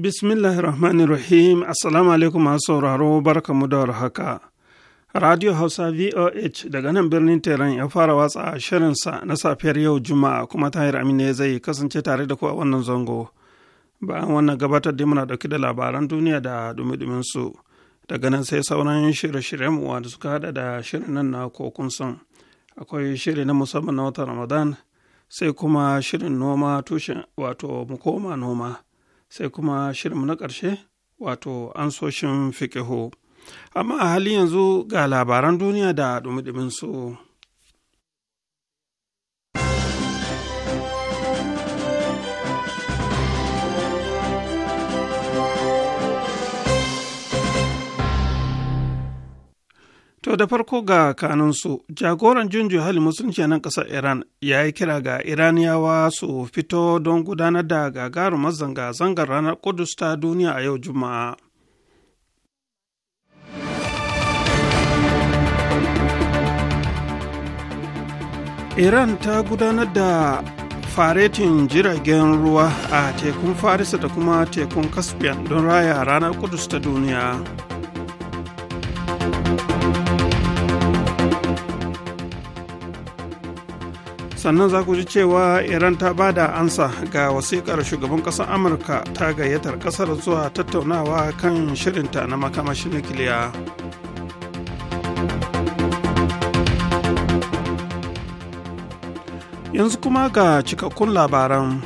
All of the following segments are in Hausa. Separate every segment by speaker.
Speaker 1: Bismillahir Rahmanir Rahim, Assalamu alaikum masu sauraro mu da warhaka. Radio Hausa VOH daga nan birnin Tehran ya fara watsa shirinsa na safiyar yau Juma'a kuma Tahir Amina ya zai kasance tare da ku a wannan zango. Bayan wannan gabatar da muna dauki da labaran duniya da dumi su daga nan sai sauran shirye-shiryen uwa da suka hada da shirin nan na kokun san. Akwai shiri na musamman na watan Ramadan sai kuma shirin noma tushen wato mu koma noma. sai kuma shirinmu na ƙarshe wato ansoshin fikihu amma a halin yanzu ga labaran duniya da dumi su. To da farko ga kanunsu, jagoran junju hali musulunci nan ƙasar Iran ya yi kira ga Iraniyawa su fito don gudanar da gagarumar zanga-zangar ranar Kudus ta duniya a yau Juma'a. Iran ta gudanar da faretin jiragen ruwa a tekun Farisa da kuma tekun Caspian don raya ranar Kudus ta duniya. sannan za ku ji cewa iran ta ba da ansa ga wasiƙar shugaban ƙasar amurka ta gayyatar ƙasar zuwa tattaunawa kan shirinta na makamashin nukiliya yanzu kuma ga cikakkun labaran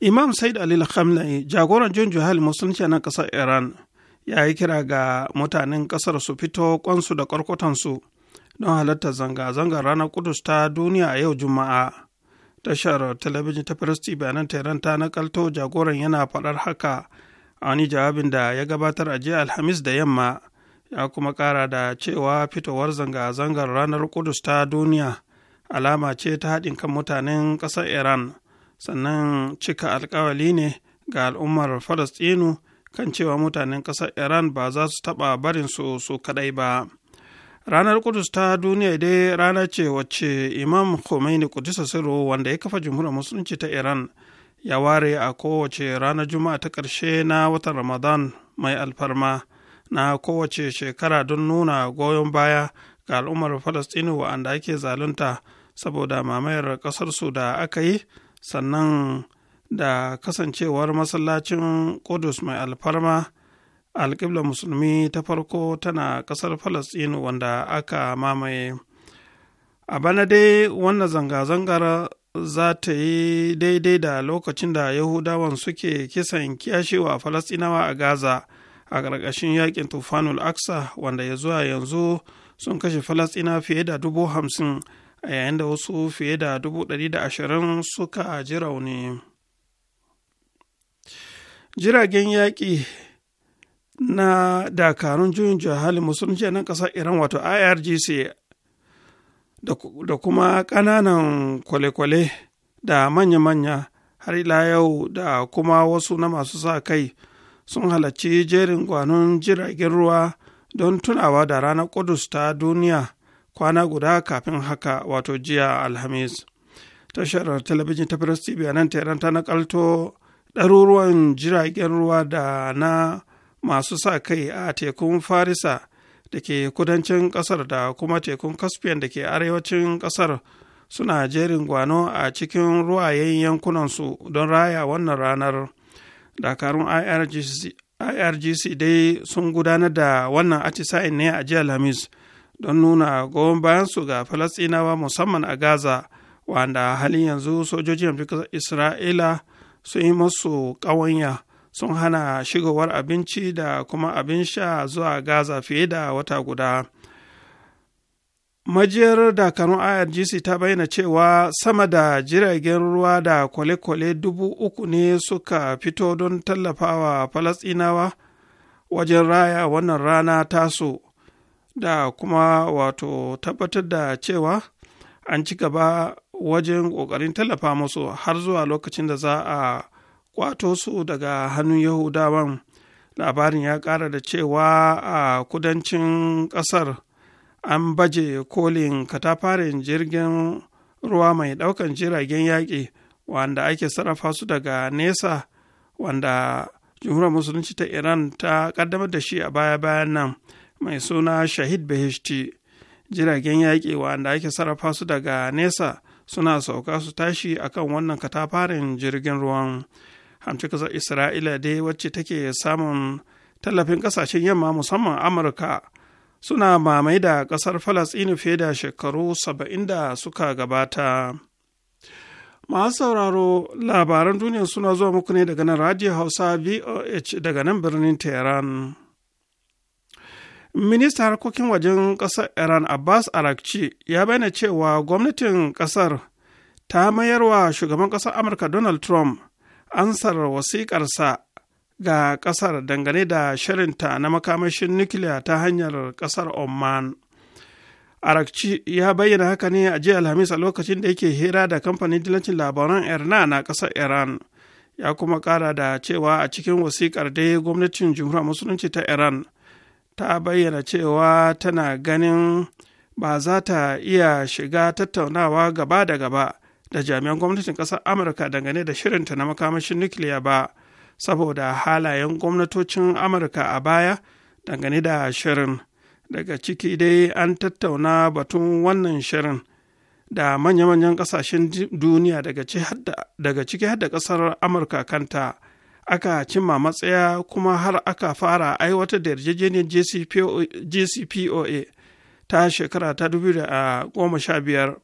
Speaker 1: imam said alil khamnai jagoran jin juhal musulunci na ƙasar iran ya yi kira ga mutanen ƙasar su fito kwansu da su don halartar zanga-zangar ranar Kudus ta duniya a yau Juma'a. Tashar talabijin ta Firisti bayanan Tehran ta nakalto jagoran yana faɗar haka a wani jawabin da ya gabatar a jiya Alhamis da yamma ya kuma ƙara da cewa fitowar zanga-zangar ranar Kudus ta duniya alama ce ta haɗin kan mutanen ƙasar Iran sannan cika alkawali ne ga al'ummar Falastinu kan cewa mutanen ƙasar Iran ba za su taɓa barin su su kaɗai ba. ranar kudus ta duniya dai rana ce wacce imam khomeini kudisa siro wanda ya kafa jamhuriyar musulunci ta iran ya ware a kowace ranar juma'a ta ƙarshe na watan ramadan mai alfarma na kowace shekara don nuna goyon baya ga al'ummar Falastini wa'anda ake zalunta saboda mamayar ƙasarsu da aka yi sannan da kasancewar masallacin kudus mai alfarma alƙiblar musulmi ta farko tana ƙasar Falasɗin wanda aka mamaye a bana dai wannan zanga-zangar za ta yi daidai da lokacin da yahudawan suke kisan kiyashewa Falastinawa a gaza a ƙarƙashin yakin tufanul aksa wanda ya zuwa yanzu sun kashe Falastina fiye da dubu hamsin a yayin da wasu fiye da dubu ɗari da ashirin suka ji rauni jiragen yaƙi na dakarun juyin jihali musulunci nan ƙasar iran wato irgc da kuma ƙananan kwale-kwale da manya-manya har ila yau da kuma wasu na masu sa kai sun halarci jerin gwanon jiragen ruwa don tunawa da ranar kudus ta duniya kwana guda kafin haka wato jiya alhamis tashar talabijin ta firas tv nan tehran ta nakalto ɗaruruwan jiragen ruwa da na masu sa kai a tekun farisa da ke kudancin kasar da kuma tekun caspian da ke arewacin kasar suna jerin gwano a cikin ruwayen yankunansu don raya wannan ranar dakarun irgc, dai sun gudanar da wannan atisayin ne a jiya lamis don nuna goyon bayansu ga falastinawa musamman a gaza wanda halin yanzu sojojin isra'ila sun yi masu ƙawanya sun hana shigowar abinci da kuma abin sha zuwa gaza fiye da wata guda majiyar dakarun irgc ta bayyana cewa sama da jiragen ruwa da kwale-kwale dubu uku ne suka fito don tallafawa falasinawa wajen raya wannan rana tasu da kuma wato tabbatar da cewa an ci gaba wajen ƙoƙarin tallafa musu har zuwa lokacin da za a kwato su daga hannun yahudawan labarin ya kara da cewa a kudancin kasar an baje kolin katafaren jirgin ruwa mai daukan jiragen yaƙi wanda ake sarrafa su daga nesa wanda jumhuriyar musulunci ta iran ta kaddamar da shi a baya-bayan nan mai suna shahid beheshti jiragen yaƙi wanda ake sarrafa su daga nesa suna sauka su tashi akan wannan katafaren jirgin ruwan hamci ƙasar isra'ila dai wacce take samun tallafin ƙasashen yamma musamman amurka suna mamai da ƙasar falasɗinu fiye da shekaru saba'in da suka gabata masu sauraro labaran duniya suna zuwa muku ne daga nan radio hausa voh daga nan birnin tehran Minista harkokin wajen ƙasar iran abbas arakci ya bayyana cewa gwamnatin ƙasar ta mayarwa shugaban ƙasar amurka donald trump ansar wasiƙarsa ga ƙasar dangane da shirinta na makamashin nukiliya ta hanyar ƙasar Oman. Arakci ya bayyana haka ne a jiya Alhamis a lokacin da yake hira da kamfanin dilancin labaran Erna na ƙasar Iran. Ya kuma ƙara da cewa a cikin wasiƙar dai gwamnatin Jamhuriyar Musulunci ta Iran ta bayyana cewa tana ganin ba za ta iya shiga tattaunawa gaba da gaba da jami'an gwamnatin ƙasar amurka dangane da shirinta na makamashin nukiliya ba saboda halayen gwamnatocin amurka a baya dangane da shirin daga ciki dai an tattauna batun wannan shirin da manya-manyan ƙasashen duniya daga ciki har da ƙasar amurka kanta aka cimma matsaya kuma har aka fara aiwatar da yarjejeniyar jcpoa ta shekara ta 2015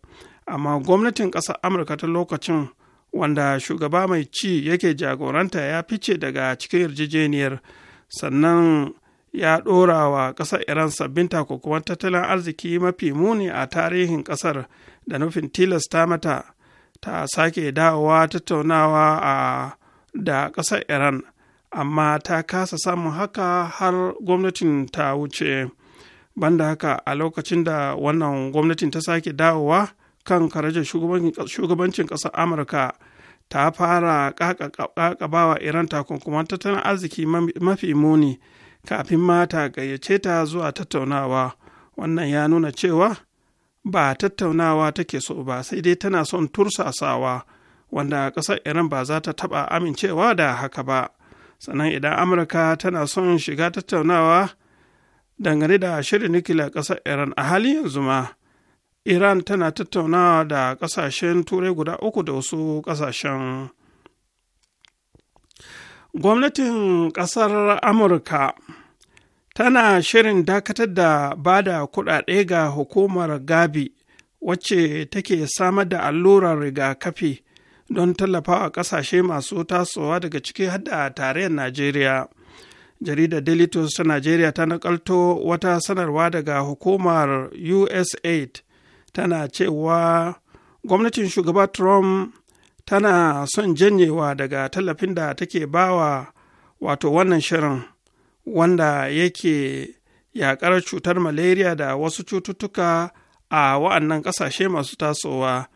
Speaker 1: amma gwamnatin ƙasar amurka ta lokacin wanda shugaba mai ci yake jagoranta ya fice daga cikin yarjejeniyar sannan ya ɗora wa ƙasar iran sabbin takunkuman tattalin arziki mafi muni a tarihin ƙasar da nufin tilasta mata ta sake dawowa tattaunawa a da ƙasar iran amma ta kasa samun haka har gwamnatin ta wuce banda haka a lokacin da wannan gwamnatin ta sake dawowa kan karajar shugabancin ƙasar amurka ta fara ƙaƙabawa iran takunkuman tattalin arziki mafi muni kafin mata gayyace ta zuwa tattaunawa wannan ya nuna cewa ba tattaunawa take so ba sai dai tana son tursasawa wanda ƙasar iran ba za ta taɓa amincewa da haka ba sannan idan amurka tana son shiga tattaunawa dangane da shirin nukiliya ƙasar iran a halin yanzu ma iran tana tattaunawa da ƙasashen turai guda uku da wasu ƙasashen gwamnatin ƙasar amurka tana shirin dakatar da bada da kuɗaɗe ga hukumar gabi wacce take samar da allurar rigakafi don tallafawa ƙasashe masu tasowa daga ciki hada tarayyar najeriya jaridar Delitos ta najeriya ta nakalto wata sanarwa daga hukumar usaid tana cewa gwamnatin shugaba trump tana son janyewa daga tallafin da take bawa wato wannan shirin wanda yake yakar cutar malaria da wasu cututtuka a wa'annan ƙasashe masu tasowa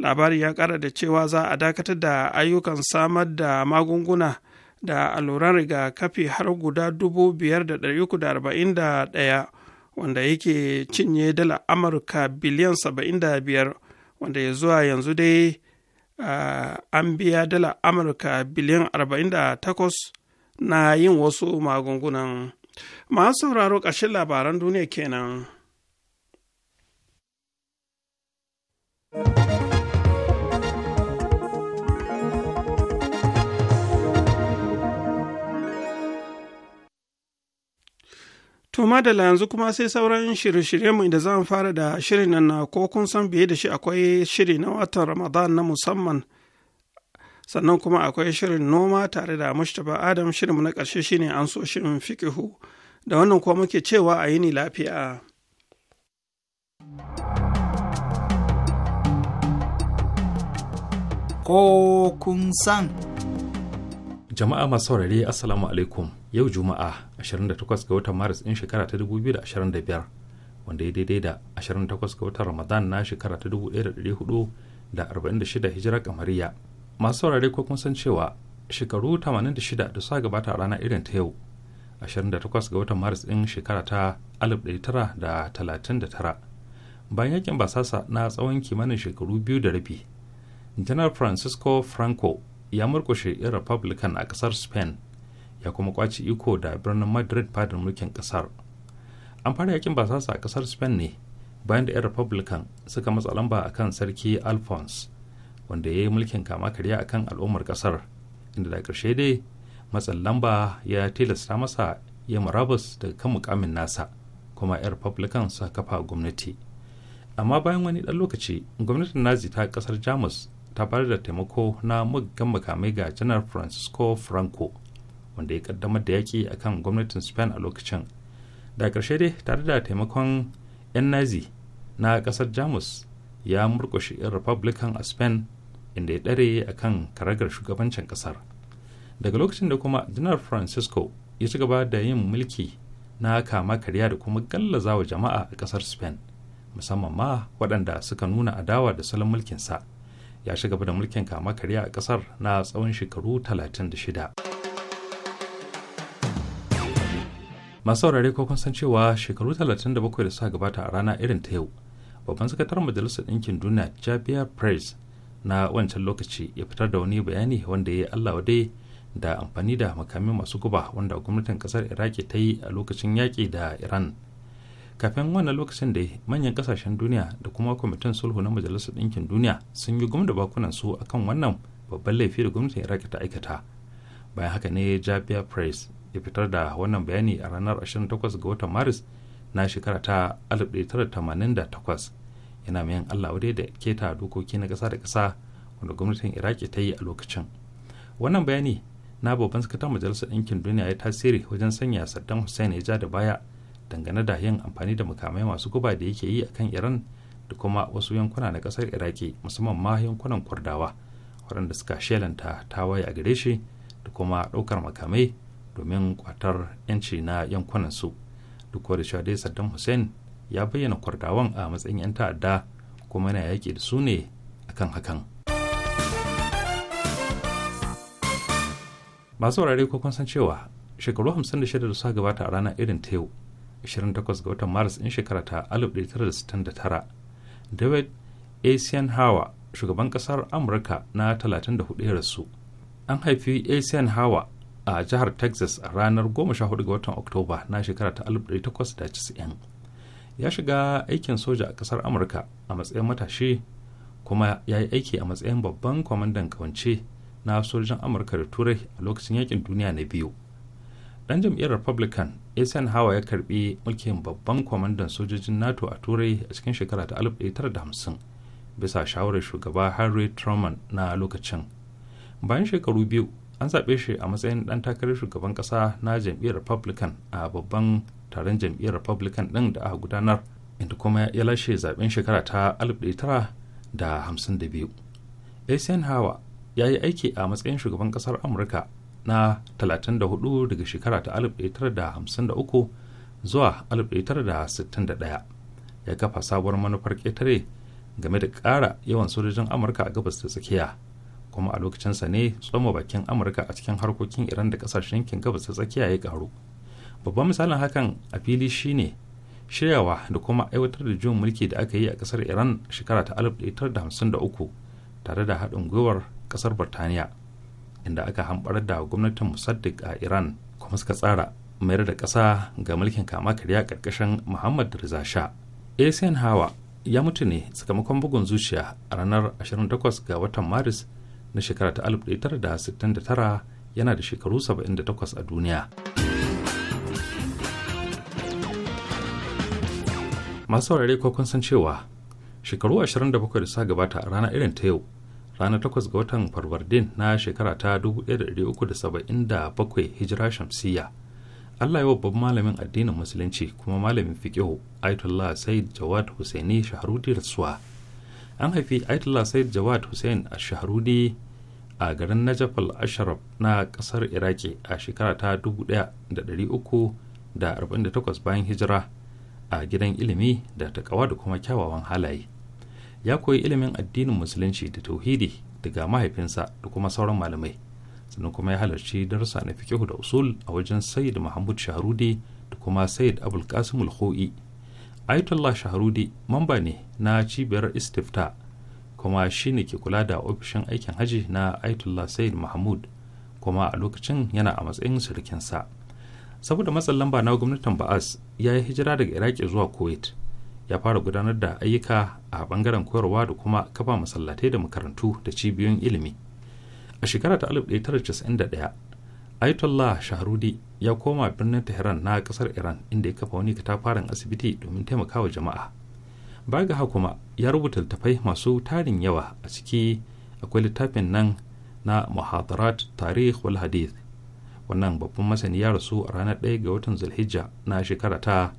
Speaker 1: labari ya ƙara da cewa za a dakatar da ayyukan samar da magunguna da alluran rigakafi har guda dubu biyar da da da arba'in ɗaya. wanda yake cinye dala amurka biliyan 75 wanda ya zuwa yanzu dai an biya dala amurka biliyan 48 na yin wasu magungunan masu sauraro ƙarshen labaran duniya kenan. To madala yanzu kuma sai sauran shirye-shiryenmu inda za mu fara da shirin nan na ko kun san biye da shi akwai shiri na watan Ramadan na musamman. Sannan kuma akwai shirin noma tare da Mustapha Adam shirinmu na ƙarshe shine an so shirin fikihu da wannan kuwa muke cewa a yini lafiya. Ko kun san.
Speaker 2: Jama'a masu saurare Assalamu alaikum yau Juma'a 28 ga watan maris ɗin shekara ta 2025 wanda ya daidai da 28 ga watan ramadan na shekara ta 1446 hijira kamariya masu saurare ko kun san cewa shekaru 86 da suka gabata a rana irin ta yau 28 ga watan maris ɗin shekara ta 1939 bayan yakin basasa na tsawon kimanin shekaru biyu da rabi janar francisco franco ya murkushe 'yan republican a kasar spain ya kuma kwaci iko da birnin madrid fadar mulkin kasar an fara yakin basasa a kasar spain ne bayan da 'yan republican suka matsa lamba a kan sarki alphonse wanda ya yi mulkin kama karya a kan al'ummar kasar inda da ƙarshe dai matsin lamba ya tilasta masa ya marabus daga kan mukamin nasa kuma 'yan republican suka kafa gwamnati amma bayan wani ɗan lokaci gwamnatin nazi ta kasar jamus ta bayar da taimako na muggan makamai ga janar francisco franco wanda ya kaddamar da yaki a kan gwamnatin spain a lokacin da ƙarshe dai tare da taimakon 'yan nazi na ƙasar jamus ya murƙushe 'yan republican a spain inda ya ɗare a kan karagar shugabancin ƙasar daga lokacin da kuma janar francisco ya ci gaba da yin mulki na kama karya da kuma gallaza wa jama'a a ƙasar spain musamman ma waɗanda suka nuna adawa da salon mulkinsa ya ci gaba da mulkin kama karya a ƙasar na tsawon shekaru 36 masu saurare ko kun san cewa shekaru 37 da suka gabata a rana irin ta yau babban sakataren majalisar ɗinkin duniya jabia press na wancan lokaci ya fitar da wani bayani wanda ya yi allah dai da amfani da makami masu guba wanda gwamnatin kasar iraki ta yi a lokacin yaƙi da iran kafin wannan lokacin da manyan kasashen duniya da kuma kwamitin sulhu na majalisar ɗinkin duniya sun yi gumda bakunan su akan wannan babban laifi da gwamnatin iraki ta aikata bayan haka ne jabia press ya fitar da wannan bayani a ranar 28 ga watan maris na shekara ta 1988 yana mayan allah wadai da keta dokoki na kasa da kasa wanda gwamnatin iraki ta yi a lokacin wannan bayani na babban sakatar majalisar ɗinkin duniya ya tasiri wajen sanya saddam hussein ya ja da baya dangane da yin amfani da mukamai masu guba da yake yi akan iran da kuma wasu yankuna na kasar iraki musamman ma yankunan kurdawa waɗanda suka shelanta tawaye a gare shi da kuma ɗaukar makamai domin kwatar 'yanci na yankunansu duk da cewa dai saddam hussein ya bayyana kwardawan a matsayin 'yan ta'adda kuma yana yaƙi da su ne akan hakan masu wurare ko san cewa shekaru 56 da suka gabata a rana irin ta yau 28 ga watan maris in shekara ta 1969 david asian hawa shugaban kasar amurka na 34 rasu an haifi asian hawa a jihar texas a ranar 14 ga watan oktoba na shekara ta 1890 ya shiga aikin soja a kasar amurka a matsayin matashi kuma ya yi aiki a matsayin babban kwamandan kawance na sojin amurka da turai a lokacin yakin duniya na biyu dan jam'iyyar republican ethan hawa ya karbi mulkin babban kwamandan sojojin nato a turai a cikin shekara ta 1950 bisa shawarar shugaba harry truman na lokacin bayan shekaru biyu an zaɓe shi a matsayin ɗan takarar shugaban ƙasa na jam'iyyar republican a babban taron jam'iyyar republican ɗin da aka gudanar inda kuma ya lashe zaɓen shekara ta 1952 hawa ya yi aiki a matsayin shugaban ƙasar amurka na 34 daga shekara ta 1953 zuwa 1961 ya kafa sabuwar manufar ƙetare game da ƙara yawan sojojin amurka a gabas da tsakiya kuma a lokacinsa ne tsoma bakin amurka a cikin harkokin iran da kasashen yankin gabas ta tsakiya ya karu babban misalin hakan a fili shine shiryawa da kuma aiwatar da juyin mulki da aka yi a kasar iran shekara ta 1953 tare da haɗin gwiwar kasar birtaniya inda aka hamɓar da gwamnatin musaddiq a iran kuma suka tsara mayar da ƙasa ga mulkin kama karya ƙarƙashin muhammad riza asian hawa ya mutu ne sakamakon bugun zuciya a ranar 28 ga watan maris na shekara ta 1969 yana da shekaru 78 a duniya. Masu saurare ko kun san cewa shekaru 27 da suka gabata a rana irin ta yau ranar 8 ga watan farwardin na shekara ta 1377 hijira shamsiyya Allah ya babban malamin addinin musulunci kuma malamin fiqihu Ayatollah Said Jawad Hussaini Shahrudi rasuwa an haifi Ayatollah Said Jawad Hussein a Shahrudi a garin najaf al-ashraf na kasar iraki a shekara ta 1348 bayan hijira a gidan ilimi da ta takawa da kuma kyawawan halaye ya koyi ilimin addinin musulunci da tauhidi daga mahaifinsa da kuma sauran malamai sannan kuma ya halarci darussa na fikihu da usul a wajen sayyid mahmud shahrudi da kuma sayyid abul qasim al-khoi ayatollah shahrudi mamba ne na cibiyar istifta kuma shi ne ke kula da ofishin aikin haji na Aitullah Said Mahmud kuma a lokacin yana a matsayin surukinsa. Saboda matsin lamba na gwamnatin Ba'as ya yi hijira daga Iraki zuwa Kuwait ya fara gudanar da ayyuka a bangaren koyarwa da kuma kafa masallatai da makarantu da cibiyoyin ilimi. A shekara ta 1991 Aitullah Shahrudi ya koma birnin Tehran na kasar Iran inda ya kafa wani katafaren asibiti domin taimakawa jama'a. baga kuma ya rubuta littafai masu tarin yawa a ciki akwai littafin nan na muhadarat tarih wal hadith wannan babban masani ya rasu a ranar 1 ga watan zulhijja na shekara ta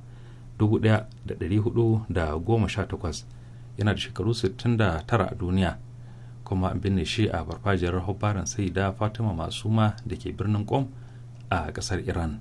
Speaker 2: 1418 yana da shekaru 69 a duniya kuma an binne shi a farfajiyar hubbaran sai da fatima masuma da ke birnin kom a kasar iran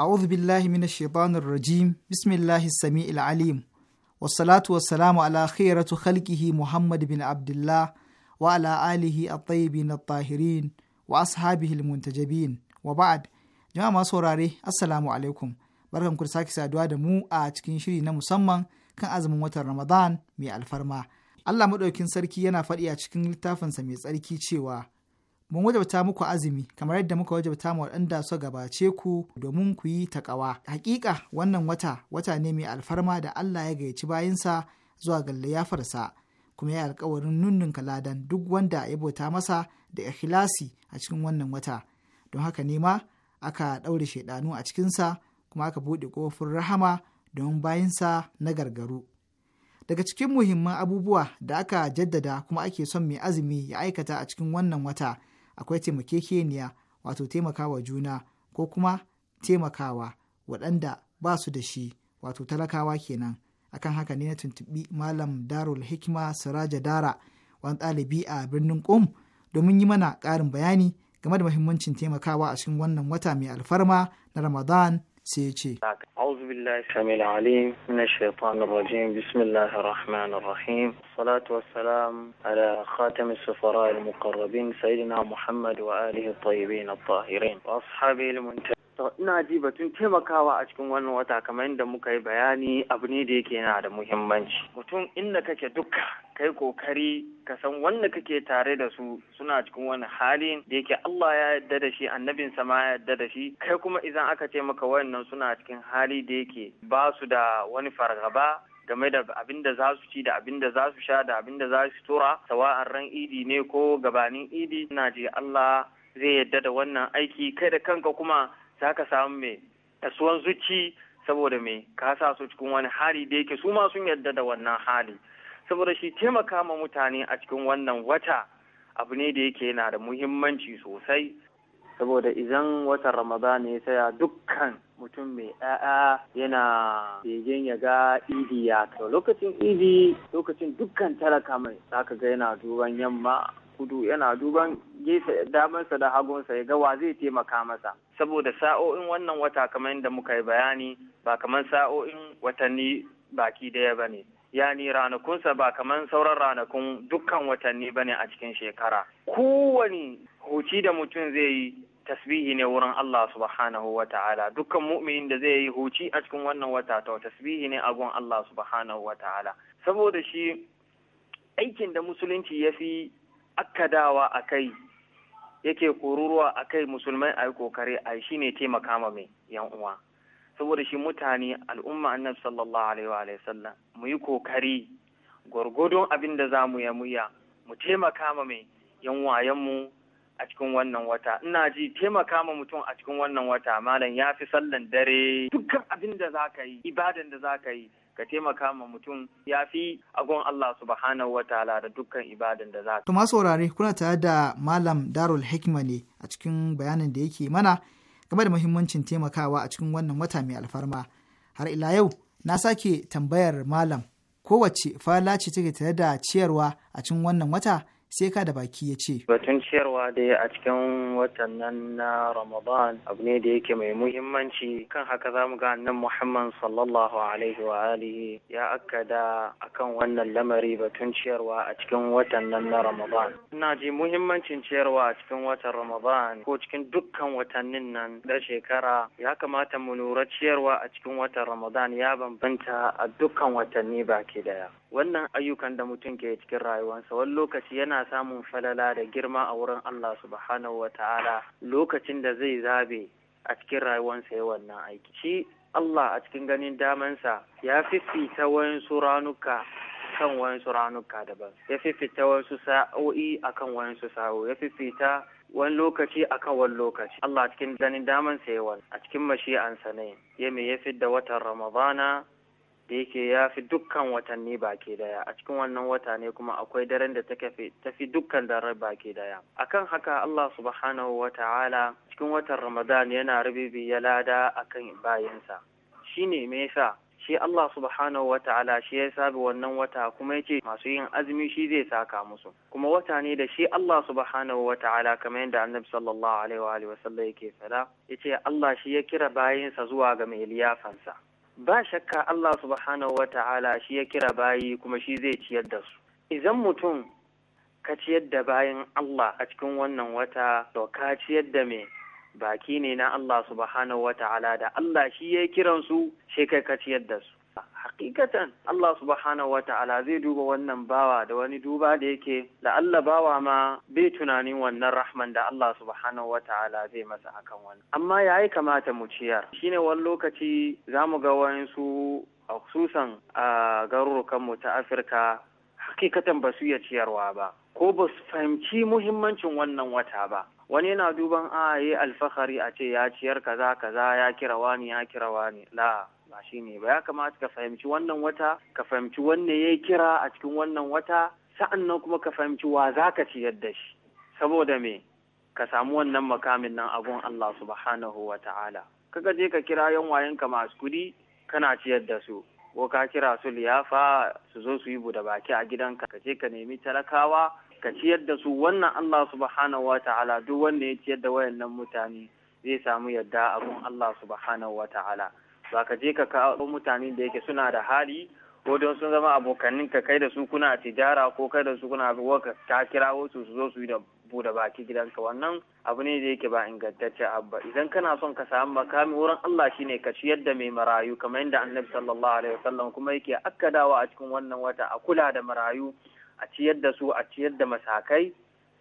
Speaker 3: أعوذ بالله من الشيطان الرجيم بسم الله السميع العليم والصلاة والسلام على خيرة خلقه محمد بن عبد الله وعلى آله الطيبين الطاهرين وأصحابه المنتجبين وبعد جماعة سوراري السلام عليكم barkan ku da sake saduwa da mu a cikin shiri na musamman kan azumin watan Ramadan mai alfarma. Allah maɗaukin sarki yana faɗi a cikin littafinsa mai tsarki cewa mun wajabta muku azumi kamar yadda muka wajabta mu waɗanda su gabace ku domin ku yi taƙawa hakika wannan wata wata ne mai alfarma da Allah ya gayyaci bayansa zuwa ga liyafarsa kuma ya alkawarin nunnun kaladan duk wanda ya bauta masa da ikhlasi a cikin wannan wata don haka ne ma aka ɗaure shaidanu a cikinsa kuma aka buɗe ƙofar rahama don bayinsa na gargaru daga cikin muhimman abubuwa da aka jaddada kuma ake son mai azumi ya aikata a cikin wannan wata akwai taimakekeniya wato taimakawa juna ko kuma taimakawa waɗanda ba su da shi wato talakawa kenan akan haka ne na tuntuɓi malam darul hikima siraja dara wani ɗalibi a birnin ƙom domin yi mana ƙarin bayani game da mahimmancin taimakawa a cikin wannan wata mai alfarma na ramadan sai ya ce
Speaker 4: بالله السميع العليم من الشيطان الرجيم بسم الله الرحمن الرحيم الصلاة والسلام على خاتم السفراء المقربين سيدنا محمد وآله الطيبين الطاهرين وأصحابه المنتهين ina ji batun taimakawa a cikin wannan wata kamar yadda muka yi bayani abu ne da yake yana da muhimmanci mutum inda kake duka kai kokari ka san wanda kake tare da su suna cikin wani hali da yake Allah ya yarda da shi annabin sama ya yarda da shi kai kuma idan aka taimaka maka wayannan suna cikin hali da yake ba su da wani fargaba game da abin da za su ci da abin da za su sha da abin da za su tura sawa'an ran idi ne ko gabanin idi ina ji Allah zai yarda da wannan aiki kai da kanka kuma za ka samu mai kasuwan zuci saboda mai ka sa su cikin wani hali da yake su ma sun yarda da wannan hali saboda shi taimaka ma mutane a cikin wannan wata abu ne da yake yana da muhimmanci sosai saboda idan watan Ramadan ya saya dukkan mutum mai ɗaya yana begen ya ga idi ya lokacin idi lokacin dukkan talaka mai zaka ga yana duban yamma kudu yana duban gefe damansa da hagunsa ya gawa zai taimaka masa saboda sa'o'in wannan wata kamar yadda muka yi bayani ba kamar sa'o'in watanni baki daya ba ne yani ranakunsa ba kamar sauran ranakun dukkan watanni ba ne a cikin shekara kowane huci da mutum zai yi tasbihi ne wurin Allah subhanahu wa ta'ala dukkan mu'minin da zai yi huci a cikin wannan wata to tasbihi ne a gun Allah subhanahu wa ta'ala saboda shi aikin da musulunci ya fi akkadawa a kai yake kururuwa a kai musulmai a yi kokari a shi ne taimaka ma mai yan uwa saboda shi mutane al'umma annabi sallallahu alaihi wa sallam mu yi kokari gwargwadon abin da za mu yamuya mu taimaka ma mai yan wayanmu a cikin wannan wata ina ji taimaka ma mutum a cikin wannan wata malam ya fi sallan dare dukkan abin da za ka yi ibadan da za ka yi ka taimaka ma mutum ya fi agon Allah subhanahu wa ta'ala da dukkan ibadan da za ka. Tuma
Speaker 3: saurare kuna tare da Malam Darul Hikma ne a cikin bayanin da yake mana game da muhimmancin taimakawa a cikin wannan wata mai alfarma. Har ila yau na sake tambayar Malam kowace fala ce take tare da ciyarwa a cikin wannan wata sai ka da baki ya ce.
Speaker 4: Batun ciyarwa dai a cikin watan nan na Ramadan abu ne da yake mai muhimmanci kan haka za mu ga annan Muhammad sallallahu alaihi wa alihi ya akkada akan wannan lamari batun ciyarwa a cikin watan nan na Ramadan. Ina ji muhimmancin ciyarwa a cikin watan Ramadan ko cikin dukkan watannin nan da shekara ya kamata mu lura ciyarwa a cikin watan Ramadan ya bambanta a dukkan watanni baki daya. wannan ayyukan da mutum ke cikin rayuwansa, wani lokaci yana samun falala da girma a wurin Allah subhanahu wa ta'ala lokacin da zai zabe a cikin rayuwarsa ya wannan aiki shi Allah a cikin ganin damansa ya fifita wayansu ranuka kan wayansu ranuka daban ya fifita wayansu sa'o'i akan wayansu sa'o. ya fifita wani lokaci akan wani lokaci Allah a cikin ganin damansa ya wani a cikin mashi'ansa ne ya me ya fidda watan Ramadana da yake ya fi dukkan watanni baki daya a cikin wannan wata ne kuma akwai daren da ta fi dukkan daren baki daya akan haka Allah subhanahu wa ta'ala cikin watan Ramadan yana rubibi ya lada akan bayansa Shi ne me yasa shi Allah subhanahu wa ta'ala shi ya sabi wannan wata kuma ya ce masu yin azumi shi zai saka musu kuma wata ne da shi Allah subhanahu wa ta'ala kamar yadda annabi sallallahu alaihi wa alihi yake fada yace Allah shi ya kira bayansa zuwa ga mai liyafansa ba shakka Allah subhanahu wa ta'ala shi ya kira bayi kuma shi zai ciyar da su idan mutum ka ciyar da bayan Allah a cikin wannan wata to ka ciyar da me baki ne na Allah subhanahu wa ta'ala da Allah shi ya kiransu su ka ciyar da su hakikatan Allah subhanahu wa ta'ala zai duba wannan bawa da wani duba da yake da Allah bawa ma bai tunanin wannan rahman da Allah subhanahu wa ta'ala zai masa akan wani amma ya yi kamata mu ciyar shine wani lokaci za mu ga wayansu a hususan a garurukan mu ta Afirka hakikatan ba su iya ciyarwa ba ko ba su fahimci muhimmancin wannan wata ba wani yana duban a ah, yi alfahari a ce ya ciyar kaza kaza ya kira wani ya kira wani la ba shi ne ba ya kamata ka fahimci wannan wata ka fahimci wanne ya kira a cikin wannan wata sa'an nan kuma ka fahimci wa za ka ciyar da shi saboda me ka samu wannan makamin nan abun Allah subhanahu wa ta'ala kaga je ka kira yan ka masu kudi kana ciyar da su ko ka kira su liyafa su zo su yi buda baki a gidanka ka je ka nemi talakawa ka ciyar da su wannan Allah subhanahu wa ta'ala duk wanda ya ciyar da wayannan mutane zai samu yadda abun Allah subhanahu wa ta'ala ba ka je ka kawo mutane da yake suna da hali ko don sun zama abokanin ka kai da su kuna tijara ko kai da su kuna abubuwa ka ta su su zo su yi da bude baki gidanka wannan abu ne da yake ba ingantacce abba idan kana son ka samu makami wurin Allah shine ka ciyar da mai marayu kamar yadda annabi sallallahu alaihi wasallam kuma yake akkadawa a cikin wannan wata a kula da marayu a ciyar da su a ciyar da masakai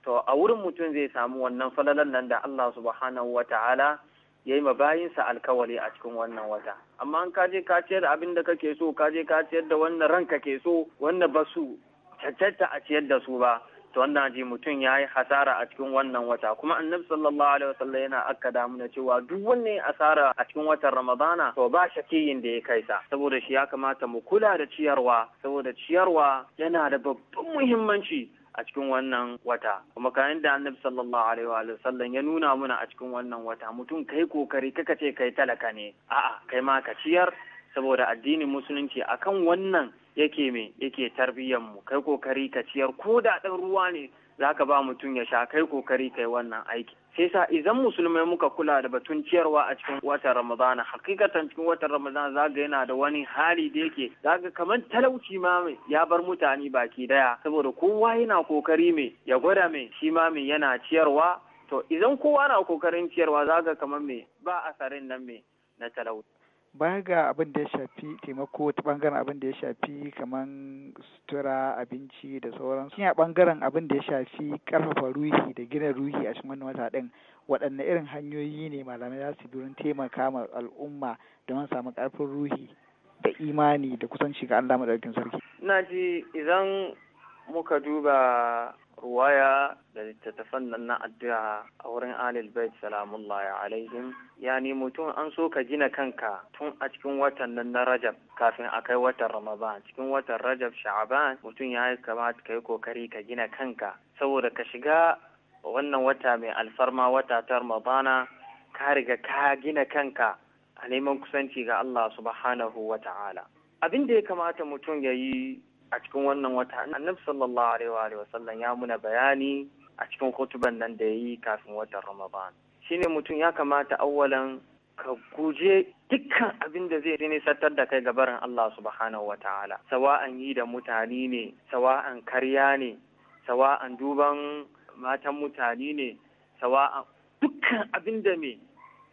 Speaker 4: to a wurin mutum zai samu wannan falalan nan da Allah subhanahu wataala ya yi ma bayinsa alkawali a cikin wannan wata amma an kaje ka ciyar da abin da kake so kaje ka ciyar da wannan ranka ke so wannan ba su cancanta a ciyar da su ba to wannan ji mutum ya yi hasara a cikin wannan wata kuma annabi sallallahu alaihi wasallam yana akkada mana cewa duk wanne asara a cikin watan ramadana to ba shakiyin da ya kai sa saboda shi ya kamata mu kula da ciyarwa saboda ciyarwa yana da babban muhimmanci a cikin wannan wata kuma kayan da annabi sallallahu alaihi wa sallam ya nuna muna a cikin wannan wata mutum kai kokari kaka ce kai talaka ne a'a kai ma ka ciyar saboda addinin musulunci akan wannan yake me yake tarbiyyar mu kai kokari ka ciyar ko da ruwa ne za ka ba mutum ya sha kai kokari kai wannan aiki sai sa idan musulmai muka kula da batun ciyarwa a cikin watan ramadana hakikatan cikin watan ramadana zaga yana da wani hali da yake zaga kamar talauci ma ya bar mutane baki daya saboda kowa yana kokari mai ya gwada mai shi ma mai yana ciyarwa to idan kowa na kokarin ciyarwa zaga kamar mai ba asarin nan mai na talauci
Speaker 3: baya ga abin da ya shafi taimako ta bangaren abin da ya shafi kamar sutura abinci da sauran shi a bangaren abin da ya shafi karfafa ruhi da gina ruhi a cikin wannan wata din waɗanne irin hanyoyi ne malamai za su durin taimaka ma al'umma don samu karfin ruhi da imani da kusanci ga Allah madaukakin
Speaker 5: sarki
Speaker 4: na ji idan muka duba ruwaya da littattafan nan na addu'a a wurin alil bait salamullahi alaihim yani mutum an so ka gina kanka tun a cikin watan nan na rajab kafin a kai watan ramadan cikin watan rajab sha'aban mutum ya kamata ka yi kokari ka gina kanka saboda ka shiga wannan wata mai alfarma wata ta ramadana ka riga ka gina kanka a neman kusanci ga allah subhanahu wa ta'ala abin da ya kamata mutum ya yi a cikin wannan wata annabi sallallahu alaihi wa sallam ya muna bayani a cikin hutuban nan da ya yi kafin watan ramadan shine mutum ya kamata awwalan ka guje dukkan abin da zai nisantar da kai gabarin Allah subhanahu wata'ala sawa'an yi da mutane ne sawa'an karya ne sawa'an duban matan mutane ne sawa'an dukkan abin da me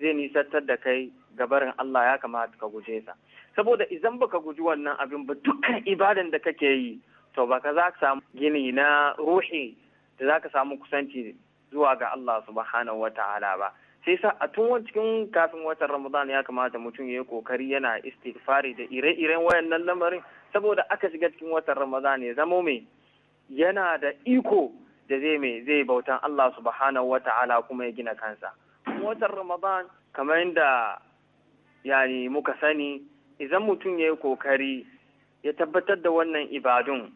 Speaker 4: zai nisantar da kai gabarin Allah ya kamata ka guje sa saboda idan baka guji wannan abin ba dukkan ibadan da kake yi to baka za ka samu gini na ruhi da za ka samu kusanci zuwa ga Allah subhanahu wa ta'ala ba sai sa a tun cikin kafin watan Ramadan ya kamata mutum ya yi kokari yana istighfari da ire-iren wayannan lamarin saboda aka shiga cikin watan Ramadan ya zamo mai yana da iko da zai mai zai bautan Allah subhanahu wa ta'ala kuma ya gina kansa watan Ramadan kamar yadda yani muka sani idan mutum ya yi kokari ya tabbatar da wannan ibadun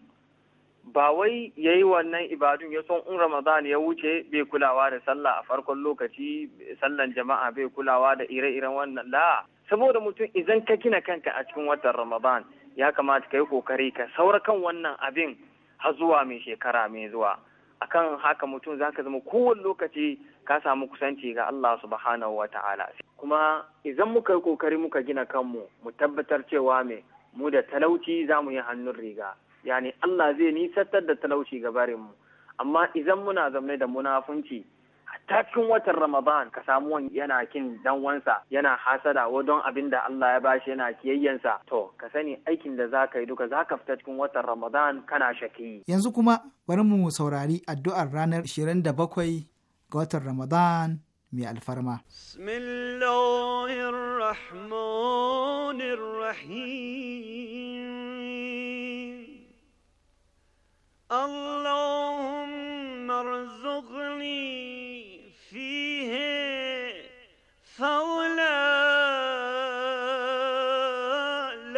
Speaker 4: ba wai ya yi wannan ibadun ya son in ramadan ya wuce bai kulawa da sallah a farkon lokaci sallan jama'a bai kulawa da ire-iren wannan la saboda mutum idan ka gina kanka a cikin watan ramadan ya kamata ka yi kokari ka saura kan wannan abin har zuwa mai shekara mai zuwa akan haka mutum zaka zama kowane lokaci ka samu kusanci ga Allah subhanahu wa ta'ala kuma idan muka yi kokari muka gina kanmu mu tabbatar cewa me mu da talauci za mu yi hannun riga yani Allah zai nisantar da talauci ga barinmu amma idan muna zaune da munafunci A cikin watan Ramadan ka samu wani yana kin dan wansa yana hasada wa don abin da Allah ya bashi yana kiyayyansa to ka sani aikin da za ka yi duka za ka fita cikin watan Ramadan kana shaki yanzu
Speaker 3: kuma bari mu saurari addu'ar ranar 27 قوتر رمضان مي الفرما بسم
Speaker 6: الله الرحمن الرحيم اللهم ارزقني فيه فولا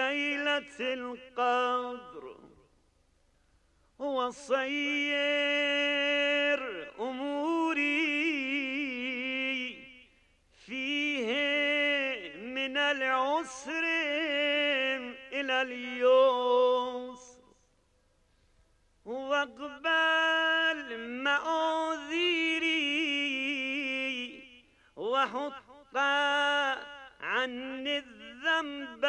Speaker 6: ليلة القدر وصيّد اليسر واقبل مآذيري وحط عني الذنب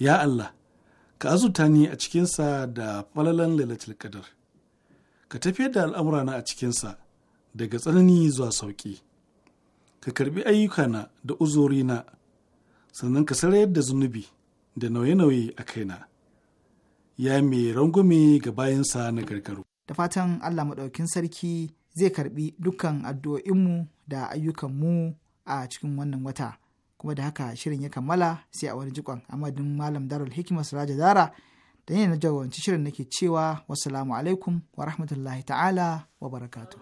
Speaker 1: Ya Allah, ka azuta ni a cikinsa da falalan lailatul qadar. Ka tafiyar da al'amurana a cikinsa daga tsanani zuwa sauƙi. Ka karbi ayyukana da uzurina, sannan ka sarayar da zunubi da nauye-nauye a kaina. Ya mai rangume ga bayansa na gargaru.
Speaker 3: Da fatan Allah maɗaukin sarki zai karbi dukkan addu'o'inmu da ayyukanmu a cikin wannan wata. kuma da haka shirin ya kammala sai a wani jikon amadin malam darul hikima siraja dara da ne na jagoranci shirin nake cewa wasu alaikum wa rahmatullahi ta'ala wa barakatuh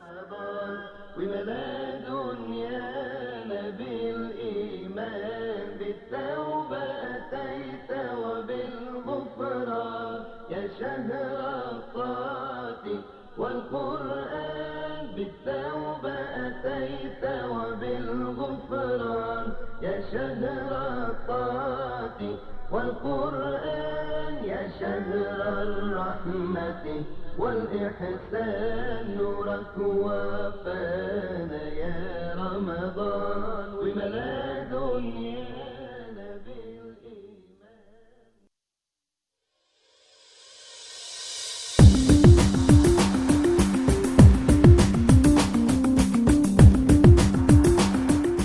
Speaker 7: شهر الطاعة والقرآن يا شهر الرحمة والإحسان نورك وفانا يا رمضان وملائكة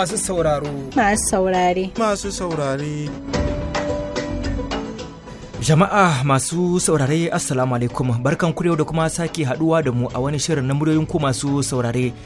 Speaker 8: masu sauraro. Masu saurare. Masu saurare.
Speaker 9: Jama'a masu saurare Assalamu alaikum barkan kurewa da kuma sake haduwa da mu a wani shirin na muryoyin ku masu saurare.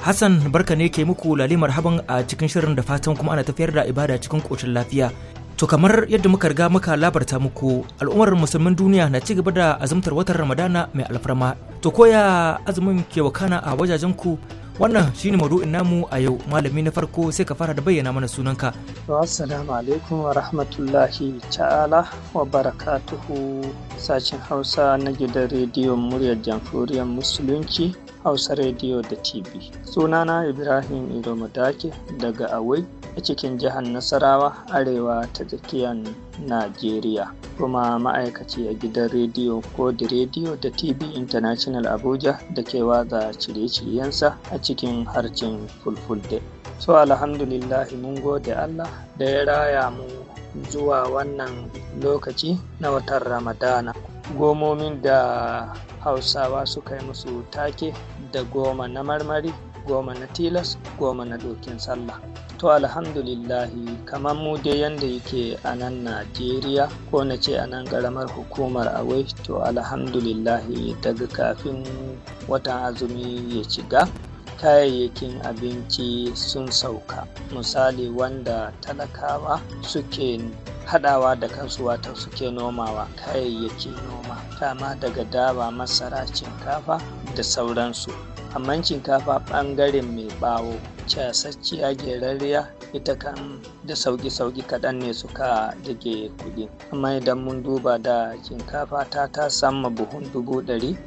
Speaker 9: Hassan barka ne ke muku lalimar haban a cikin shirin da fatan kuma ana tafiyar da ibada cikin kocin lafiya. To kamar yadda muka riga muka labarta muku al'ummar musulmin duniya na ci gaba da azumtar watan Ramadana mai alfarma. To koya azumin ke wakana a wajajen ku Wannan shine maudu'in namu a yau malami na farko sai ka fara da bayyana mana sunanka.
Speaker 5: Assalamu alaikum wa rahmatullahi ta'ala wa barakatuhu sashen Hausa na gidan rediyon muryar jamhuriyar musulunci Hausa Radio da TV. Sunana Ibrahim Idomadake daga Awai a cikin jihar Nasarawa Arewa ta tsakiyar Najeriya. Kuma ma'aikaci a gidan rediyo Kodi Radio da TV International Abuja da ke watsa shirye-shiryensa a cikin harcin Fulfulde. So alhamdulillah mun gode Allah da ya raya mu zuwa wannan lokaci na watan Ramadana. Gomomin da Hausawa suka yi musu take da goma na marmari goma na tilas goma na dokin sallah to alhamdulillahi kamar mu dai yanda yake a nan najeriya ko na ce a nan karamar hukumar awai to alhamdulillahi daga kafin watan azumi ya shiga kayayyakin abinci sun sauka misali wanda talakawa suke haɗawa da kansu wata suke nomawa kayayyakin noma kama daga dawa masara shinkafa da sauransu amma shinkafa ɓangaren mai ɓawo casacciya gerarriya ita kan da sauki-sauki kaɗan ne suka dage kuɗi amma idan mun duba da shinkafa ta ta sama buhun dubu ɗari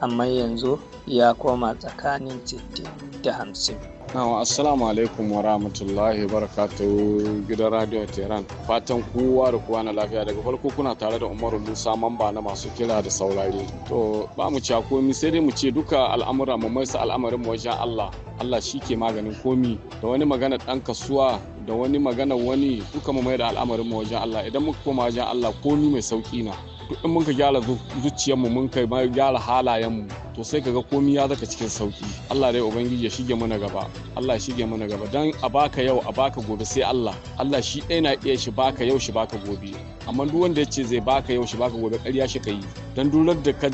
Speaker 5: amma yanzu ya koma tsakanin 60 da 50. Nawa
Speaker 10: assalamu alaikum wa rahmatullahi barakatuhu gidan radio Tehran. Fatan kowa da kowa na lafiya daga farko kuna tare da Umaru Musa mamba na masu kira da saurari. To ba mu cewa komi sai dai mu ce duka al'amura mu maisa al'amarin mu wajen Allah. Allah shi ke maganin komi da wani magana ɗan kasuwa da wani magana wani duka mu mai da al'amarin mu wajen Allah idan muka koma wajen Allah komi mai sauki na. duk in ka gyara zuciyarmu mun kai ma gyara halayenmu to sai kaga komi ya zaka cikin sauki Allah dai ubangiji ya shige mana gaba Allah ya shige mana gaba dan a baka yau a baka gobe sai Allah Allah shi ɗaya na iya shi baka yau shi baka gobe amma duk wanda ya ce zai baka yau shi baka gobe ƙarya shi kai dan durar da ka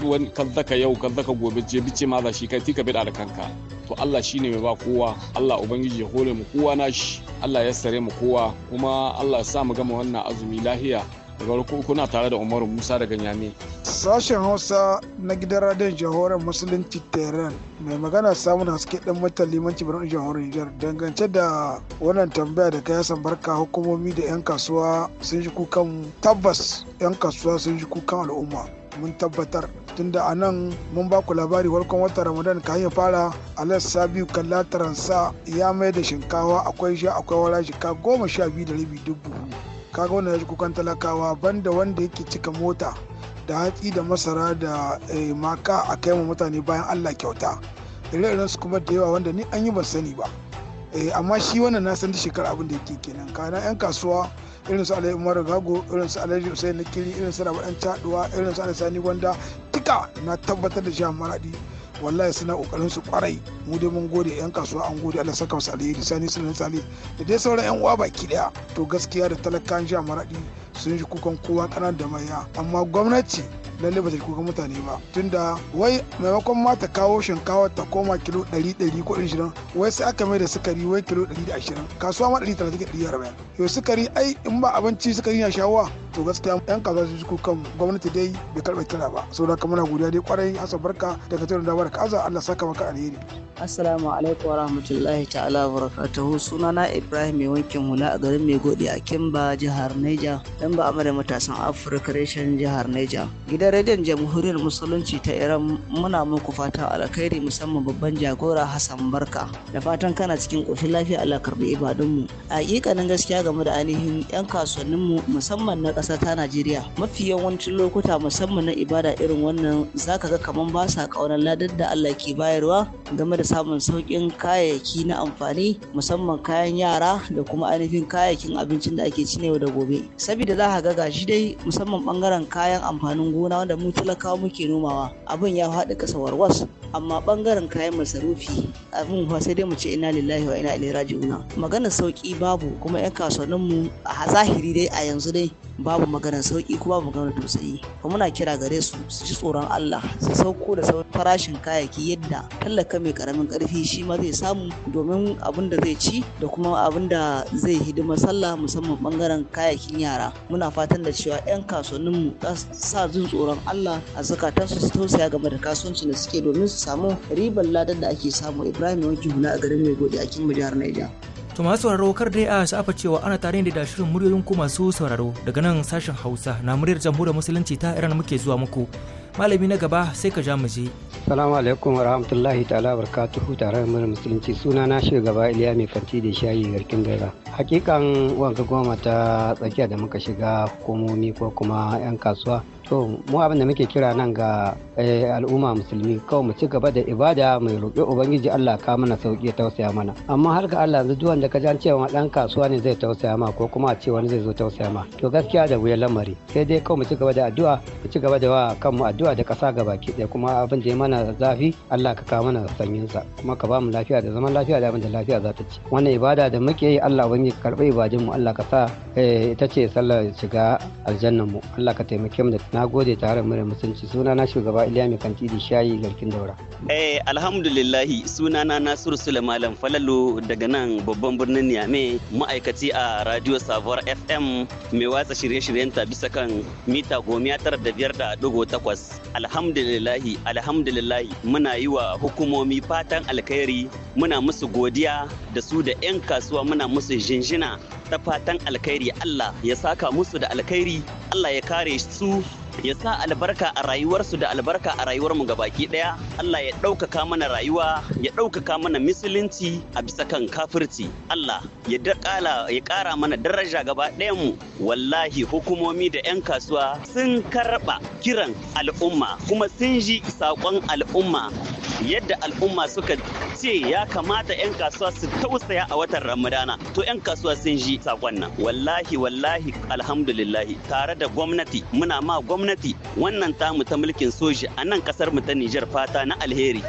Speaker 10: zaka yau ka zaka gobe je bice ma za shi kai tika bida da kanka to Allah shine mai ba kowa Allah ubangiji ya hore mu kowa na shi Allah ya sare mu kowa kuma Allah ya sa mu gama wannan azumi lahiya daga kuna tare da umaru musa daga nyame
Speaker 11: sashen hausa na gidan radiyon jihohoren musulunci tehran mai magana samun haske dan matan limanci birnin jihohoren nijar dangance da wannan tambaya da ka yasan barka hukumomi da 'yan kasuwa sun shi kukan tabbas 'yan kasuwa sun shi kukan al'umma mun tabbatar tunda a nan mun ba ku labari farkon watan ramadan ka hanyar fara alassa sabiu kan taransa ya mai da shinkawa akwai shi akwai wala shika goma sha biyu da rabi dubu kaga wannan ya kukan talakawa banda wanda yake cika mota da hatsi da masara da eh, maka a kai ma mutane bayan allah kyauta ire-iren su kuma da yawa wanda ni an yi ban sani ba eh, amma shi wannan na san da shekara abin da yake kenan kana yan kasuwa irin su alayi umaru gago irin su alayi na kiri irin su dan caɗuwa irin su Sani gwanda tika, na tabbatar da jihar maradi wallahi suna kokarin su kwarai mu dai mun gode yan kasuwa an gode Allah saka musu alheri sani sunan sali da dai sauran yan uwa baki daya to gaskiya da talakan jiya maradi sun ji kukan kowa kanar da manya amma gwamnati lalle ba ta ji kukan mutane ba tunda wai maimakon ma ta kawo shinkawa ta koma kilo 100 ko 20 wai sai aka mai da sukari wai kilo 120 kasuwa ma 130 yau sukari ai in ba abinci sukari na shawa to gaskiya yan kaza su ji kukan gwamnati dai bai karɓa kira ba da kamar na godiya dai kwarai hasa barka daga tsirin da barka aza Allah saka maka alheri assalamu alaikum
Speaker 12: wa rahmatullahi ta'ala wa barakatuhu sunana Ibrahim mai wankin hula a garin mai godi a Kimba jihar Niger dan ba da matasan afirka reshen jihar neja gidan rediyon jamhuriyar musulunci ta iran muna muku fatan alkhairi musamman babban jagora hassan barka da fatan kana cikin kofin lafiya allah karbi ibadunmu a hakikanin gaskiya game da ainihin yan kasuwanninmu musamman na ƙasar ta najeriya mafi yawancin lokuta musamman na ibada irin wannan zaka ga kaman ba sa ƙaunar ladar da allah ke bayarwa game da samun sauƙin kayayyaki na amfani musamman kayan yara da kuma ainihin kayayyakin abincin da ake ci ne da gobe saboda da za ka ga gashi dai musamman bangaren kayan amfanin gona wanda mu talakawa muke nomawa abin ya haɗu ƙasa warwas amma bangaren kayan masarufi abin fa sai dai mu ce ina lillahi wa ina ilaihi raji'una magana sauki babu kuma yan kasuwannin mu a zahiri dai a yanzu dai babu maganar sauki kuma babu magana tausayi kuma muna kira gare su su ji tsoron Allah su sauko da sauran farashin kayayyaki yadda tallaka mai karamin karfi shi ma zai samu domin abin da zai ci da kuma abin da zai hidima sallah musamman bangaren kayayyakin yara muna fatan da cewa 'yan kasuwanninmu za su sa jin tsoron Allah a zakatansu su tausaya game da kasuwancin da suke domin su samu ribar ladan da ake samu Ibrahim Wanki Huna a garin Mai Gode a Kimba jihar Niger.
Speaker 9: To masu sauraro kar dai a sha'afa cewa ana tare da shirin muryoyin ku masu sauraro daga nan sashen Hausa na muryar jamhuriyar musulunci ta Iran muke zuwa muku. malami na gaba sai ka ja mu
Speaker 5: je Salamu alaikum wa rahmatullahi ta'ala katuhu tare da murar musulunci suna na shugaba Iliya mai fati da shayi garkin gaira. Hakikan wanka goma ta tsakiya da muka shiga hukumomi ko kuma 'yan kasuwa to mu abin da muke kira nan ga eh, al'umma musulmi kawai mu ci gaba da ibada mai roƙi ubangiji Allah ka mana sauki ya tausaya mana amma har ga Allah yanzu duwan da ka jan cewa dan kasuwa ne zai tausaya ma ko kuma a ce wani zai zo tausaya ma to gaskiya da wuyan lamari sai dai kawai mu ci gaba da addu'a mu ci gaba da wa kanmu addu'a da ƙasa baki ɗaya kuma abin da ya mana zafi Allah ka kawo mana sanyin sa kuma ka ba mu lafiya da zaman lafiya da abin da lafiya za ta ci wannan ibada da muke yi Allah ubangiji ka karɓi ibadun mu Allah ka sa eh, ita ce sallar shiga aljannan mu Allah ka taimake mu da na gode tare mura mutunci suna na shugaba iliya mai kanti da shayi garkin daura
Speaker 13: eh alhamdulillahi suna na nasiru sulaiman falalo daga nan babban birnin niame ma'aikaci a radio sabuwar fm mai watsa shirye-shiryen ta bisa kan mita gomiya tara da biyar da dogo takwas alhamdulillahi alhamdulillahi muna yi wa hukumomi fatan alkhairi muna musu godiya da su da 'yan kasuwa muna musu jinjina da fatan alkhairi Allah ya saka musu da alkhairi Allah ya kare su ya sa albarka a rayuwarsu da albarka a rayuwar mu gabaki daya Allah ya ɗaukaka mana rayuwa ya ɗaukaka mana musulunci a bisa kan kafirci Allah ya dakala ya ƙara mana daraja gaba ɗayan mu wallahi hukumomi da 'yan kasuwa sun karɓa kiran al'umma kuma sun ji saƙon al'umma yadda al'umma suka ce ya kamata 'yan kasuwa su tausaya a watan ramadana to 'yan kasuwa sun ji sakon nan wallahi wallahi alhamdulillahi tare da gwamnati muna ma gwamnati wannan tamu ta mulkin soji a nan kasar mu ta Nijar fata na alheri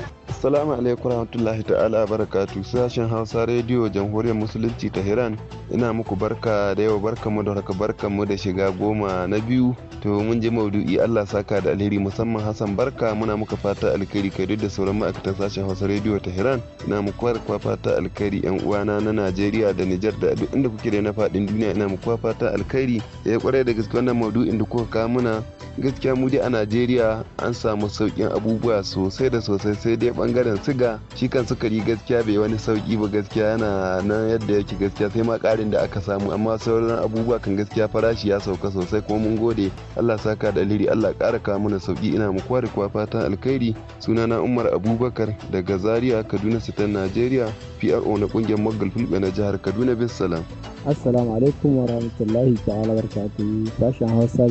Speaker 14: Assalamu alaikum warahmatullahi ta'ala barakatu sashen Hausa rediyo Jamhuriyar Musulunci ta hiran ina muku barka da yau barka mu da haka barka mu da shiga goma na biyu to mun je maudu'i Allah saka da alheri musamman Hassan barka muna muka fata alheri kai da sauran ma'aikatan sashen hausa rediyo hiran ina muku kwa fata alkhairi yan uwana na najeriya da nijar da duk inda kuke da na fadin duniya ina muku fata alkhairi ya eh, kwarai da gaske wannan maudu'in da kuka kawo muna gaskiya mu dai a najeriya an samu saukin abubuwa sosai da sosai sai dai bangaren siga shi kan sukari gaskiya bai wani sauki ba gaskiya yana na yadda yake gaskiya sai ma karin da aka samu amma sauran abubuwa kan gaskiya farashi ya sauka sosai kuma mun gode allah saka da liri allah ƙara kawo mana sauki ina muku kwa fatan alkhairi sunana umar abu abubakar daga zaria kaduna sitan nigeria pro na kungiyar mogul fulbe na jihar kaduna bis salam
Speaker 15: assalamu alaikum wa rahmatullahi ta'ala barkatuhu sashen hausa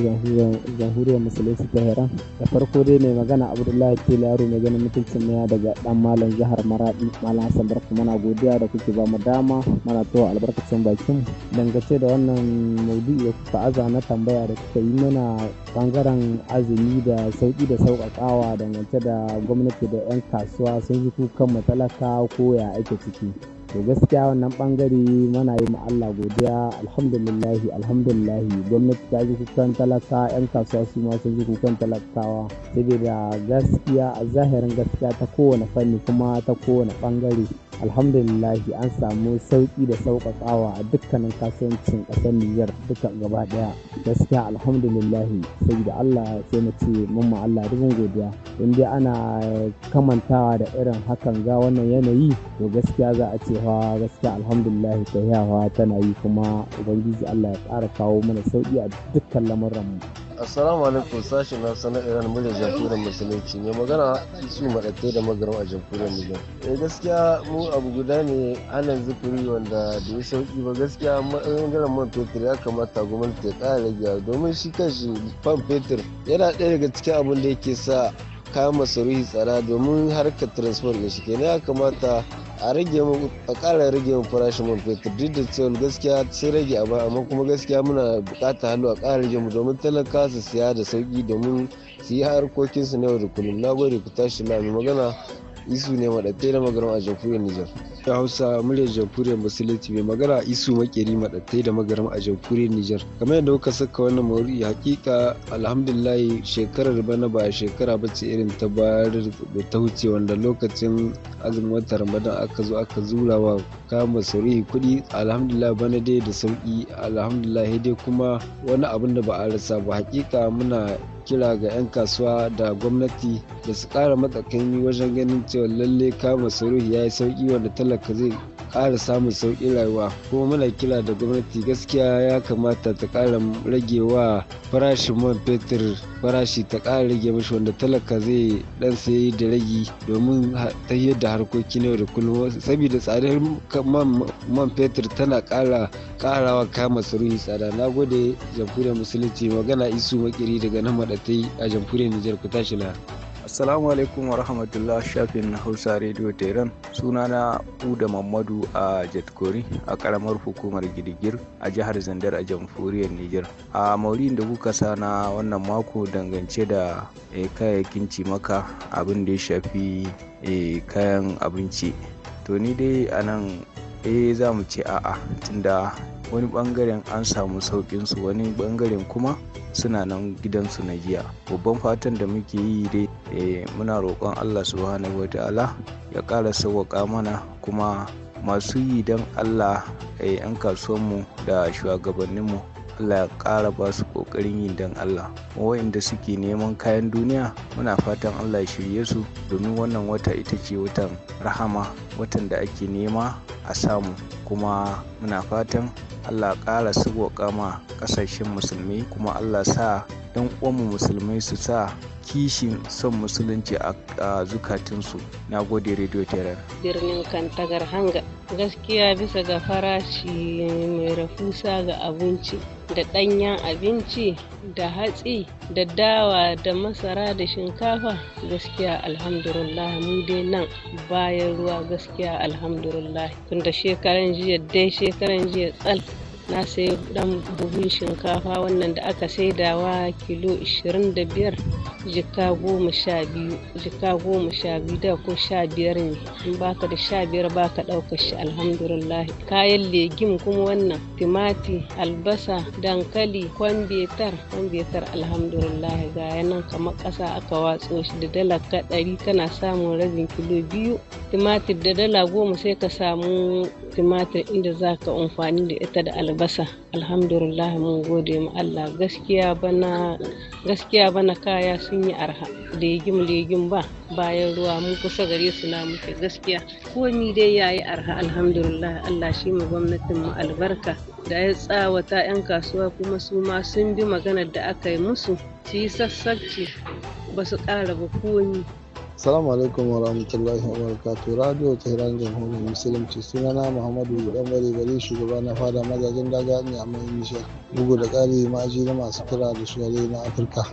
Speaker 15: jamhuriyar musulunci ta Heran. da farko dai mai magana abdullahi ke yaro mai ganin mutuncin maya daga dan malam jihar maradi malam hassan barka mana godiya da kuke ba mu dama mana towa albarkacin bakin dangace da wannan maudu'i da kuka aza na tambaya da kuka yi mana bangaren azumi da sauki da sauƙaƙawa dangance da gwamnati da 'yan kasuwa sun yi kukan matalaka ko ya ake ciki to gaskiya wannan bangare mana yi Allah godiya alhamdulillahi alhamdulillahi gwamnati ta ji kukan talaka yan kasuwa su ma sun ji kukan talakawa saboda gaskiya a zahirin gaskiya ta kowane fanni kuma ta kowane bangare alhamdulillahi an samu sauki da sauƙaƙawa a dukkanin kasuwancin ƙasar Nijar duka gaba ɗaya gaskiya alhamdulillahi saboda Allah sai mu ce mun Allah dubin godiya in dai ana kamantawa da irin hakan ga wannan yanayi to gaskiya za a ce fa gaskiya alhamdulillah tahiyawa tana yi kuma ubangiji Allah ya ƙara kawo mana sauki a dukkan lamuran mu
Speaker 8: Assalamu alaikum sashi na na Iran murya jamhuriyar musulunci ne magana su maɗaɗe da magaram a jamhuriyar Nijar. Eh gaskiya mu abu guda ne anan zikiri wanda da ya sauki ba gaskiya ɓangaren man fetur ya kamata gwamnati ya ƙara rage domin shi kanshi fan fetur yana ɗaya daga cikin abin da yake sa kayan masarufi tsara domin harkar transport ne shi kenan ya kamata a rage mu a ƙara rage mu farashin man fetur duk da cewa gaskiya sun rage a baya amma kuma gaskiya muna buƙatar halu a ƙara rage mu domin talaka su siya da sauƙi domin su yi harkokinsu na yau da kullum na gode ku tashi lami magana isu ne maɗatai da magana a jamhuriyar Nijar. Da Hausa muryar jamhuriyar Musulunci mai magana isu makeri maɗatai da magana a jamhuriyar Nijar. Kamar yadda kuka saka wannan mawuri hakika alhamdulillahi shekarar bana ba shekara ba ce irin ta bayar da ta wuce wanda lokacin azumin watan Ramadan aka zo aka zura wa kama kuɗi alhamdulillah bana dai da sauki alhamdulillah dai kuma wani abin da ba a rasa ba hakika muna kira ga 'yan kasuwa da gwamnati da su matsakan yi wajen ganin cewa lalle kama saruhi ya yi sauki wanda talaka zai ƙara samun sauƙin rayuwa kuma muna kira da gwamnati gaskiya ya kamata ta ƙara rage wa farashin man fetur farashi ta ƙara rage mashi wanda talaka zai dan sayi da ragi domin ta da harkoki na yau da kullum saboda tsadar man fetur tana ƙara ƙarawa kama saruhi tsada na gode jamhuriyar musulunci magana isu makiri daga nan da ta yi a jamhuriyar Nijar ku tashi na. Assalamu alaikum
Speaker 10: wa rahmatullah shafin Hausa Radio Tehran sunana Uda Mamadu a Jatkori a karamar hukumar Gidigir a jihar Zandar a jamhuriyar Nijar. A maurin da kuka sa na wannan mako dangance da eh, kayayyakin cimaka abin da ya shafi eh, kayan abinci. To ni dai a nan eh za mu ce a'a tunda wani bangaren an samu saukin su wani bangaren kuma suna nan gidansu na giya babban fatan da muke yi dai eh, muna roƙon allah subhanahu wa ta'ala ya ƙara sauwaƙa mana kuma masu yi don allah eh, 'yan kasuwanmu da shugabanninmu Allah ya kara ba su ƙoƙarin yi dan Allah wa'inda suke neman kayan duniya muna fatan Allah ya shirye su domin wannan wata ita ce watan rahama watan da ake nema a samu kuma muna fatan Allah ya ƙara sauwaƙa ma kasashen musulmi kuma Allah sa 'yan uwanmu musulmai su sa kishin son musulunci a zukatunsu na gode radio terror
Speaker 16: birnin kantagar hanga gaskiya bisa ga farashi mai rafusa ga abinci da ɗanyen abinci da hatsi da dawa da masara da shinkafa gaskiya alhamdulillah mu dai nan bayan ruwa gaskiya alhamdulillah tunda shekaran jiya dai shekaran jiya tsal na sayo dan buhun shinkafa wannan da aka saidawa kilo 25 jika goma sha biyu jika goma sha biyu da ko sha biyar ne in baka da sha biyar baka ɗaukar shi alhamdulillah kayan legim kuma wannan timati albasa dankali kwambetar kwambetar alhamdulillah ga yanan kamar ƙasa aka watso shi da dala ka ɗari kana samun rabin kilo biyu timatir da dala goma sai ka samu timatir inda za ka amfani da ita da alhamdulillah albasa alhamdulillah mun gode mu Allah gaskiya bana gaskiya bana kaya sun yi arha legim legim ba bayan ruwa mun kusa gare su na muke gaskiya komi dai yayi arha alhamdulillah Allah shi mu gwamnatin mu albarka da ya tsawata 'yan kasuwa kuma su ma sun bi maganar da aka yi musu su yi sassabci ba su ƙara ba komi
Speaker 8: Salamu alaikum wa rahmatullahi wa barakatu Radio Tehran Jamhuriyar Musulunci sunana Muhammadu Dan Bari Bari shugaba na fada mazajen daga ne a mai Nijar. Bugu da ƙari ma'aji na masu kira da shugare na Afirka.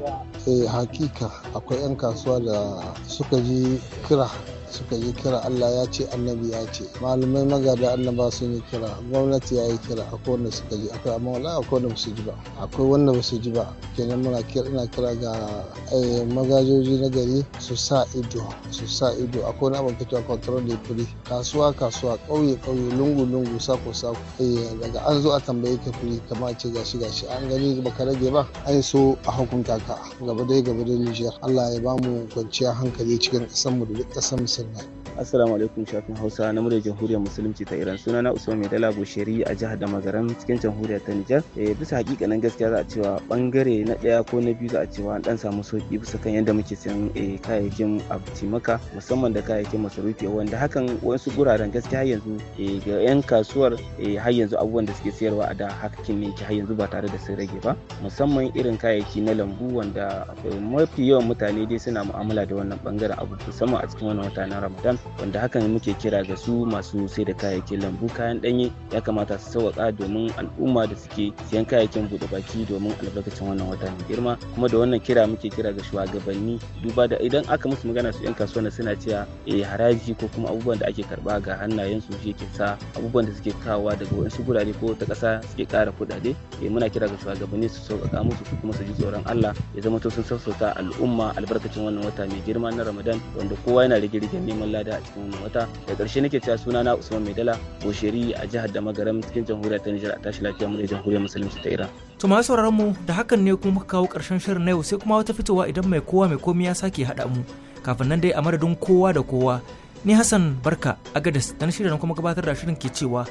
Speaker 8: Eh hakika akwai 'yan kasuwa da suka ji kira suka yi kira Allah ya ce annabi ya ce malamai magada annaba sun yi kira gwamnati ya yi kira akwai wanda suka ji akwai amma wala akwai wanda su ji ba akwai wanda ba su ji ba kenan muna kira kira ga eh, magajoji na gari su sa ido su sa ido akwai na abin a kwantarar da fili kasuwa kasuwa ƙauye ƙauye lungu lungu sako sako eh, daga an zo a tambaye ka fili kamar ce gashi gashi an gani baka rage ba an so a hukunta ka gaba dai gaba dai Niger Allah ya bamu kwanciyar hankali cikin ƙasar mu da duk ƙasar சொல்வேன்
Speaker 17: Assalamu alaikum shafin Hausa na murya Jamhuriyar Musulunci ta Iran suna na Usman dala Bushiri a jihar Damagaram cikin Jamhuriyar ta Nijar. Eh bisa hakikanin gaskiya za a cewa bangare na daya ko na biyu za a cewa an dan samu sauki bisa kan yadda muke sayan eh, kayayyakin abinci maka musamman da kayayyakin masarufi wanda hakan wasu guraren gaskiya yanzu eh, ga yan kasuwar eh, har yanzu abubuwan da suke sayarwa a da hakkin ne har yanzu ba tare da sun rage ba musamman irin kayayyaki na lambu wanda mafi yawan mutane dai suna mu'amala da wannan bangaren abu musamman a cikin wannan wata na Ramadan wanda hakan muke kira ga su masu sai da kayayyakin lambu kayan ɗanye ya kamata su sauwaka domin al'umma da suke siyan kayayyakin buɗe baki domin albarkacin wannan wata mai girma kuma da wannan kira muke kira ga shugabanni duba da idan aka musu magana su 'yan kasuwa suna cewa eh haraji ko kuma abubuwan da ake karba ga hannayen su shi ke sa abubuwan da suke kawowa daga wasu gurare ko ta ƙasa suke ƙara kuɗaɗe eh muna kira ga shugabanni su sauƙaƙa musu ko kuma su ji tsoron Allah ya zama to sun sassauta al'umma albarkacin wannan wata mai girma na Ramadan wanda kowa yana rige-rigen neman lada a cikin wata da ƙarshe nake cewa suna na usman maidala bosheri a jihar da magaram cikin jamhuriyar ta nijar a tashi lafiya mu da jamhuriyar musulunci ta iran
Speaker 9: to ma sauraron mu da hakan ne kuma muka kawo ƙarshen shirin na yau sai kuma wata fitowa idan mai kowa mai komi ya sake haɗa mu kafin nan dai a madadin kowa da kowa ni hassan barka a gadas dan shirin kuma gabatar da shirin ke cewa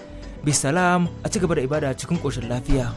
Speaker 9: bisalam a ci gaba da ibada cikin koshin lafiya.